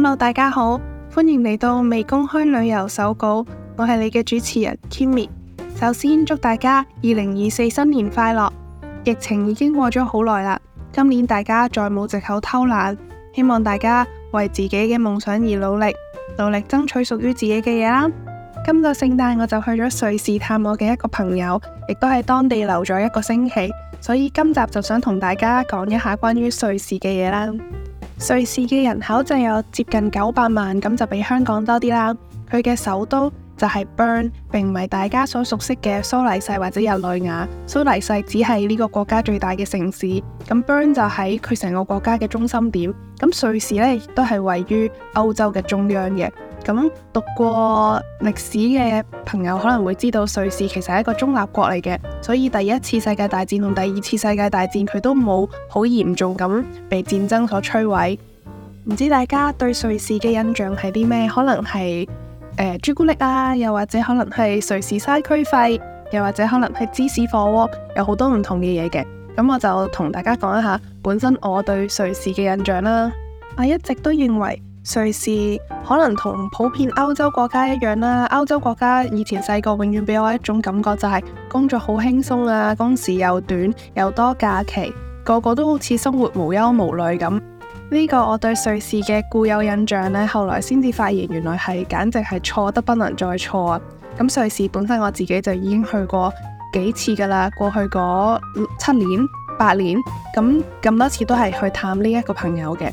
hello，大家好，歡迎嚟到未公開旅遊手稿，我係你嘅主持人 Kimmy。首先祝大家二零二四新年快樂！疫情已經過咗好耐啦，今年大家再冇借口偷懶，希望大家為自己嘅夢想而努力，努力爭取屬於自己嘅嘢啦。今個聖誕我就去咗瑞士探我嘅一個朋友，亦都喺當地留咗一個星期，所以今集就想同大家講一下關於瑞士嘅嘢啦。瑞士嘅人口就有接近九百萬，咁就比香港多啲啦。佢嘅首都就係 Bern，並唔係大家所熟悉嘅蘇黎世或者日內瓦。蘇黎世只係呢個國家最大嘅城市，咁 Bern 就喺佢成個國家嘅中心點。咁瑞士呢亦都係位於歐洲嘅中央嘅。咁讀過歷史嘅朋友可能會知道，瑞士其實係一個中立國嚟嘅，所以第一次世界大戰同第二次世界大戰佢都冇好嚴重咁被戰爭所摧毀。唔知大家對瑞士嘅印象係啲咩？可能係、呃、朱古力啊，又或者可能係瑞士曬區費，又或者可能係芝士火鍋，有好多唔同嘅嘢嘅。咁我就同大家講一下本身我對瑞士嘅印象啦。我一直都認為，瑞士可能同普遍歐洲國家一樣啦，歐洲國家以前細個永遠俾我一種感覺就係工作好輕鬆啊，工時又短又多假期，個個都好似生活無憂無慮咁。呢個我對瑞士嘅固有印象呢，後來先至發現原來係簡直係錯得不能再錯啊！咁瑞士本身我自己就已經去過幾次噶啦，過去嗰，七年八年，咁咁多次都係去探呢一個朋友嘅。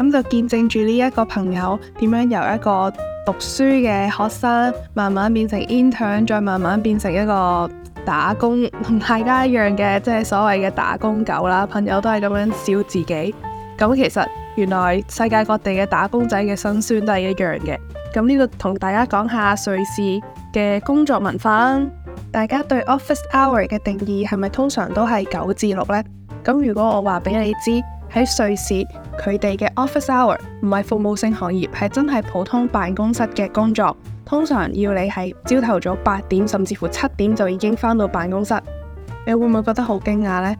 咁就見證住呢一個朋友點樣由一個讀書嘅學生，慢慢變成 intern，再慢慢變成一個打工，同大家一樣嘅，即係所謂嘅打工狗啦。朋友都係咁樣笑自己。咁其實原來世界各地嘅打工仔嘅辛酸都係一樣嘅。咁呢個同大家講下瑞士嘅工作文化啦。大家對 office hour 嘅定義係咪通常都係九至六呢？咁如果我話俾你知喺瑞士。佢哋嘅 office hour 唔係服務性行業，係真係普通辦公室嘅工作。通常要你係朝頭早八點，甚至乎七點就已經返到辦公室。你會唔會覺得好驚訝呢？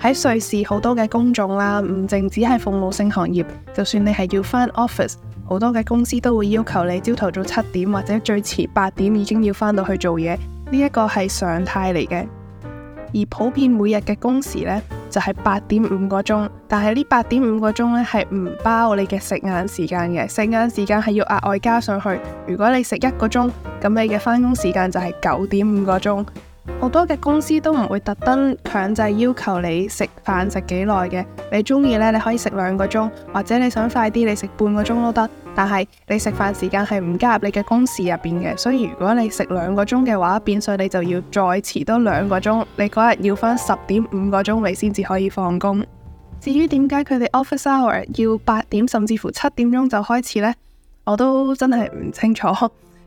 喺瑞士好多嘅工種啦，唔淨只係服務性行業，就算你係要返 office，好多嘅公司都會要求你朝頭早七點或者最遲八點已經要返到去做嘢。呢一個係常態嚟嘅。而普遍每日嘅工時呢，就係八點五個鐘，但係呢，八點五個鐘呢，係唔包你嘅食晏時間嘅，食晏時間係要額外加上去。如果你食一個鐘，咁你嘅返工時間就係九點五個鐘。好多嘅公司都唔會特登強制要求你食飯食幾耐嘅，你中意呢，你可以食兩個鐘，或者你想快啲你食半個鐘都得。但係你食飯時間係唔加入你嘅工時入邊嘅，所以如果你食兩個鐘嘅話，變相你就要再遲多兩個鐘，你嗰日要返十點五個鐘你先至可以放工。至於點解佢哋 office hour 要八點甚至乎七點鐘就開始呢？我都真係唔清楚，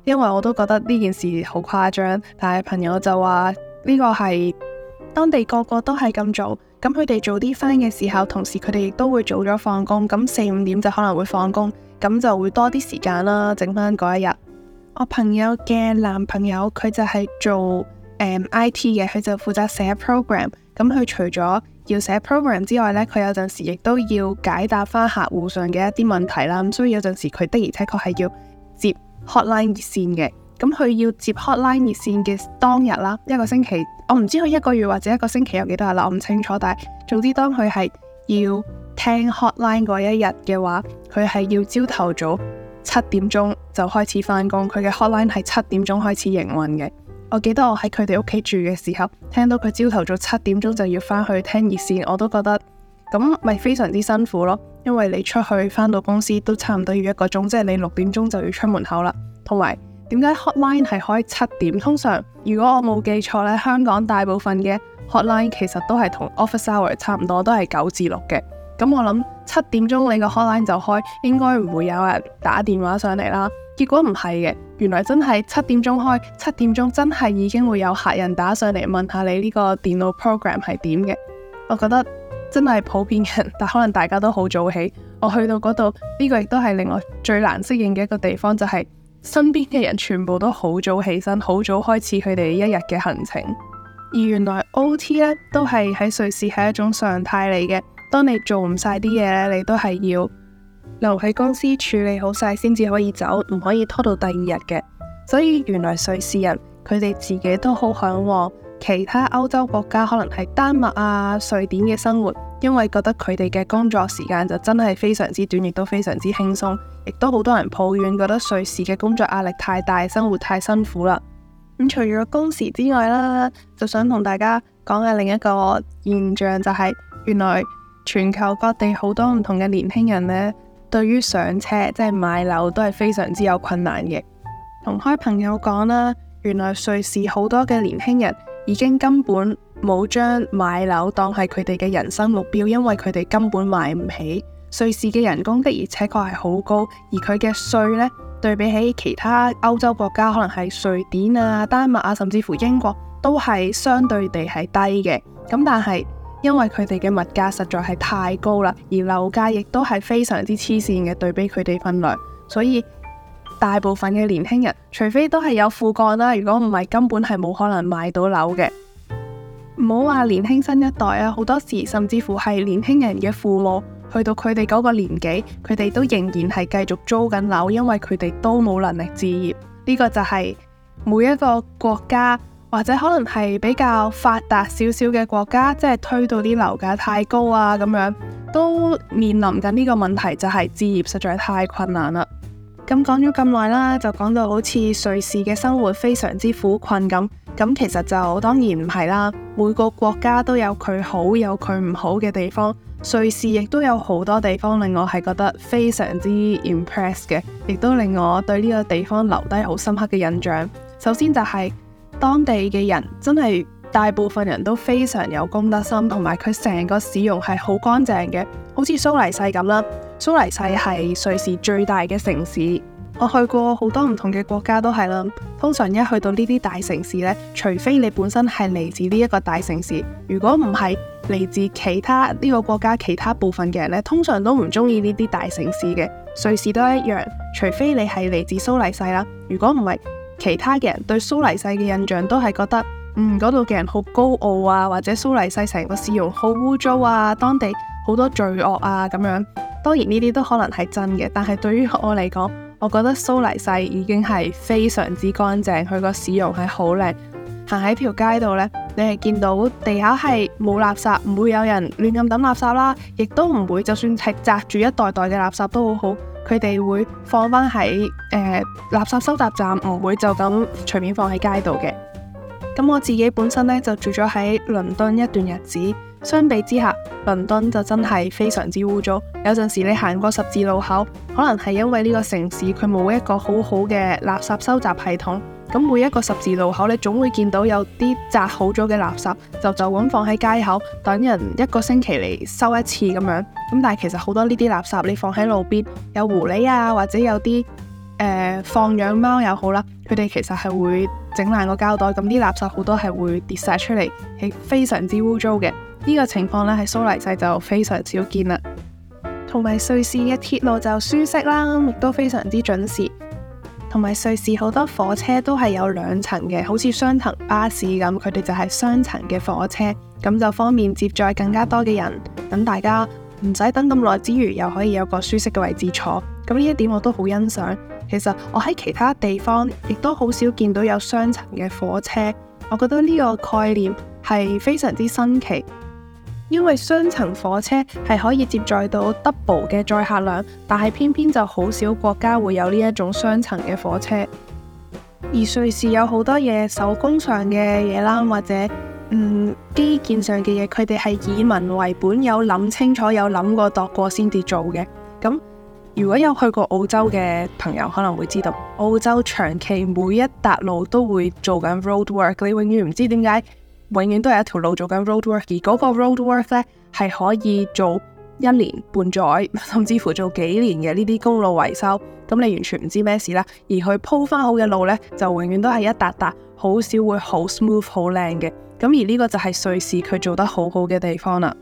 因為我都覺得呢件事好誇張。但係朋友就話呢個係當地個個都係咁做，咁佢哋早啲翻嘅時候，同時佢哋亦都會早咗放工，咁四五點就可能會放工。咁就會多啲時間啦，整翻嗰一日。我朋友嘅男朋友佢就係做、M、IT 嘅，佢就負責寫 program。咁佢除咗要寫 program 之外呢，佢有陣時亦都要解答翻客戶上嘅一啲問題啦。咁所以有陣時佢的而且確係要接 hotline 熱線嘅。咁佢要接 hotline 熱線嘅當日啦，一個星期，我唔知佢一個月或者一個星期有幾多日啦，我唔清楚。但係總之當佢係要。聽 hotline 嗰一日嘅話，佢係要朝頭早七點鐘就開始返工。佢嘅 hotline 係七點鐘開始營運嘅。我記得我喺佢哋屋企住嘅時候，聽到佢朝頭早七點鐘就要返去聽熱線，我都覺得咁咪非常之辛苦咯。因為你出去返到公司都差唔多要一個鐘，即係你六點鐘就要出門口啦。同埋點解 hotline 係可以七點？通常如果我冇記錯呢，香港大部分嘅 hotline 其實都係同 office hour 差唔多，都係九至六嘅。咁我諗七點鐘你個 hotline 就開，應該唔會有人打電話上嚟啦。結果唔係嘅，原來真係七點鐘開，七點鐘真係已經會有客人打上嚟問下你呢個電腦 program 係點嘅。我覺得真係普遍人，但可能大家都好早起。我去到嗰度，呢、這個亦都係令我最難適應嘅一個地方，就係、是、身邊嘅人全部都好早起身，好早開始佢哋一日嘅行程。而原來 OT 呢，都係喺瑞士係一種常態嚟嘅。當你做唔晒啲嘢咧，你都係要留喺公司處理好晒先至可以走，唔可以拖到第二日嘅。所以原來瑞士人佢哋自己都好向往其他歐洲國家，可能係丹麥啊、瑞典嘅生活，因為覺得佢哋嘅工作時間就真係非常之短，亦都非常之輕鬆，亦都好多人抱怨覺得瑞士嘅工作壓力太大，生活太辛苦啦。咁除咗工時之外啦，就想同大家講下另一個現象，就係，就係原來。全球各地好多唔同嘅年輕人呢，對於上車即係買樓都係非常之有困難嘅。同開朋友講啦，原來瑞士好多嘅年輕人已經根本冇將買樓當係佢哋嘅人生目標，因為佢哋根本買唔起。瑞士嘅人工的而且確係好高，而佢嘅稅呢，對比起其他歐洲國家，可能係瑞典啊、丹麥啊，甚至乎英國，都係相對地係低嘅。咁但係。因為佢哋嘅物價實在係太高啦，而樓價亦都係非常之黐線嘅，對比佢哋分量，所以大部分嘅年輕人，除非都係有富干啦，如果唔係根本係冇可能買到樓嘅。唔好話年輕新一代啊，好多時甚至乎係年輕人嘅父母，去到佢哋嗰個年紀，佢哋都仍然係繼續租緊樓，因為佢哋都冇能力置業。呢個就係每一個國家，或者可能係比較發達少少嘅國家，即係推到啲樓價太高啊咁樣，都面臨緊呢個問題，就係置業實在太困難啦。咁講咗咁耐啦，就講到好似瑞士嘅生活非常之苦困咁。咁其實就當然唔係啦，每個國家都有佢好有佢唔好嘅地方。瑞士亦都有好多地方令我係覺得非常之 impress 嘅，亦都令我對呢個地方留低好深刻嘅印象。首先就係。當地嘅人真係大部分人都非常有公德心，同埋佢成個市容係好乾淨嘅，好似蘇黎世咁啦。蘇黎世係瑞士最大嘅城市，我去過好多唔同嘅國家都係啦。通常一去到呢啲大城市呢，除非你本身係嚟自呢一個大城市，如果唔係嚟自其他呢個國家其他部分嘅人呢，通常都唔中意呢啲大城市嘅。瑞士都一樣，除非你係嚟自蘇黎世啦，如果唔係。其他嘅人對蘇黎世嘅印象都係覺得，嗯，嗰度嘅人好高傲啊，或者蘇黎世成個市容好污糟啊，當地好多罪惡啊咁樣。當然呢啲都可能係真嘅，但係對於我嚟講，我覺得蘇黎世已經係非常之乾淨，佢個市容係好靚。行喺條街度呢，你係見到地下係冇垃圾，唔會有人亂咁抌垃圾啦，亦都唔會就算係紮住一袋袋嘅垃圾都好好。佢哋會放返喺、呃、垃圾收集站，唔會就咁隨便放喺街度嘅。咁我自己本身呢，就住咗喺倫敦一段日子，相比之下，倫敦就真係非常之污糟。有陣時你行過十字路口，可能係因為呢個城市佢冇一個好好嘅垃圾收集系統。咁每一個十字路口，你總會見到有啲紮好咗嘅垃圾，就就咁放喺街口，等人一個星期嚟收一次咁樣。咁但係其實好多呢啲垃圾，你放喺路邊，有狐狸啊，或者有啲誒、呃、放養貓又好啦，佢哋其實係會整爛個膠袋，咁啲垃圾好多係會跌晒出嚟，係非常之污糟嘅。呢、呢個情況呢，喺蘇黎世就非常少見啦。同埋瑞士嘅鐵路就舒適啦，亦都非常之準時。同埋瑞士好多火車都係有兩層嘅，好似雙層巴士咁，佢哋就係雙層嘅火車，咁就方便接載更加多嘅人，等大家唔使等咁耐之餘，又可以有個舒適嘅位置坐，咁呢一點我都好欣賞。其實我喺其他地方亦都好少見到有雙層嘅火車，我覺得呢個概念係非常之新奇。因為雙層火車係可以接載到 double 嘅載客量，但係偏偏就好少國家會有呢一種雙層嘅火車。而瑞士有好多嘢手工上嘅嘢啦，或者嗯基建上嘅嘢，佢哋係以民為本，有諗清楚，有諗過度過先至做嘅。咁如果有去過澳洲嘅朋友，可能會知道澳洲長期每一笪路都會做緊 roadwork，你永遠唔知點解。永遠都係一條路做緊 roadwork，而嗰個 roadwork 呢係可以做一年半載，甚至乎做幾年嘅，呢啲公路維修。咁你完全唔知咩事啦。而佢鋪翻好嘅路呢，就永遠都係一笪笪，好少會好 smooth、好靚嘅。咁而呢個就係瑞士佢做得好好嘅地方啦。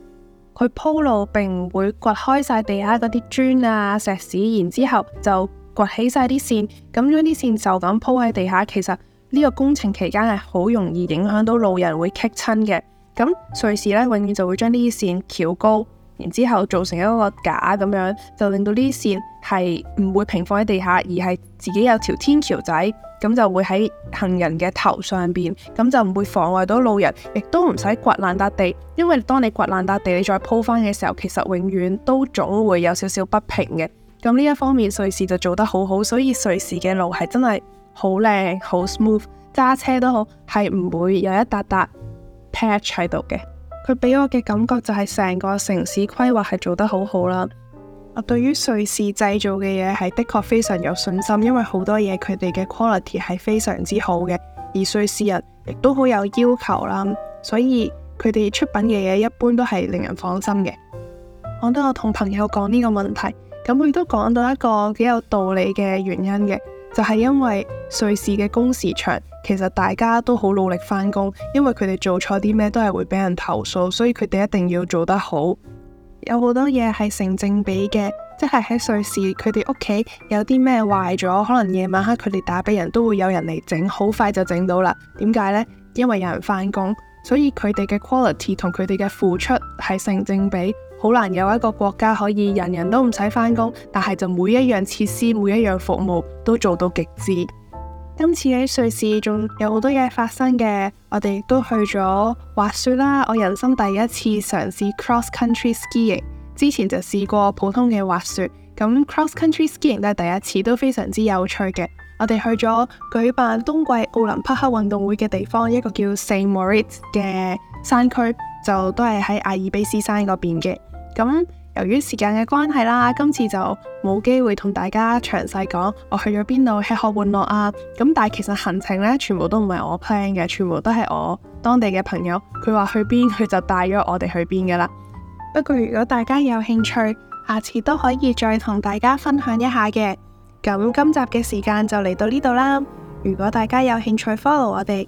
佢鋪路並唔會掘開晒地下嗰啲磚啊、石屎，然之後就掘起晒啲綫，咁將啲綫就咁鋪喺地下。其實。呢個工程期間係好容易影響到路人會棘親嘅，咁瑞士呢永遠就會將呢啲線翹高，然之後做成一個架咁樣，就令到呢啲線係唔會平放喺地下，而係自己有條天橋仔，咁就會喺行人嘅頭上邊，咁就唔會妨礙到路人，亦都唔使掘爛笪地，因為當你掘爛笪地，你再鋪翻嘅時候，其實永遠都總會有少少不平嘅。咁呢一方面瑞士就做得好好，所以瑞士嘅路係真係。好靚，好 smooth，揸車都好，係唔會有一笪笪 patch 喺度嘅。佢俾我嘅感覺就係成個城市規劃係做得好好啦。我對於瑞士製造嘅嘢係的確非常有信心，因為好多嘢佢哋嘅 quality 係非常之好嘅，而瑞士人、啊、亦都好有要求啦，所以佢哋出品嘅嘢一般都係令人放心嘅、嗯。我都有同朋友講呢個問題，咁佢都講到一個幾有道理嘅原因嘅。就係因為瑞士嘅工時長，其實大家都好努力返工，因為佢哋做錯啲咩都係會俾人投訴，所以佢哋一定要做得好。有好多嘢係成正比嘅，即係喺瑞士，佢哋屋企有啲咩壞咗，可能夜晚黑佢哋打俾人都會有人嚟整，好快就整到啦。點解呢？因為有人返工，所以佢哋嘅 quality 同佢哋嘅付出係成正比。好難有一個國家可以人人都唔使返工，但係就每一樣設施、每一樣服務都做到極致。今次喺瑞士仲有好多嘢發生嘅，我哋都去咗滑雪啦。我人生第一次嘗試 cross country skiing，之前就試過普通嘅滑雪，咁 cross country skiing 都係第一次，都非常之有趣嘅。我哋去咗舉辦冬季奧林匹克運動會嘅地方，一個叫 Saint Moritz 嘅山區。就都係喺阿爾卑斯山嗰邊嘅，咁由於時間嘅關係啦，今次就冇機會同大家詳細講我去咗邊度吃喝玩樂啊，咁但係其實行程呢，全部都唔係我 plan 嘅，全部都係我當地嘅朋友，佢話去邊佢就帶咗我哋去邊噶啦。不過如果大家有興趣，下次都可以再同大家分享一下嘅。咁今集嘅時間就嚟到呢度啦，如果大家有興趣 follow 我哋。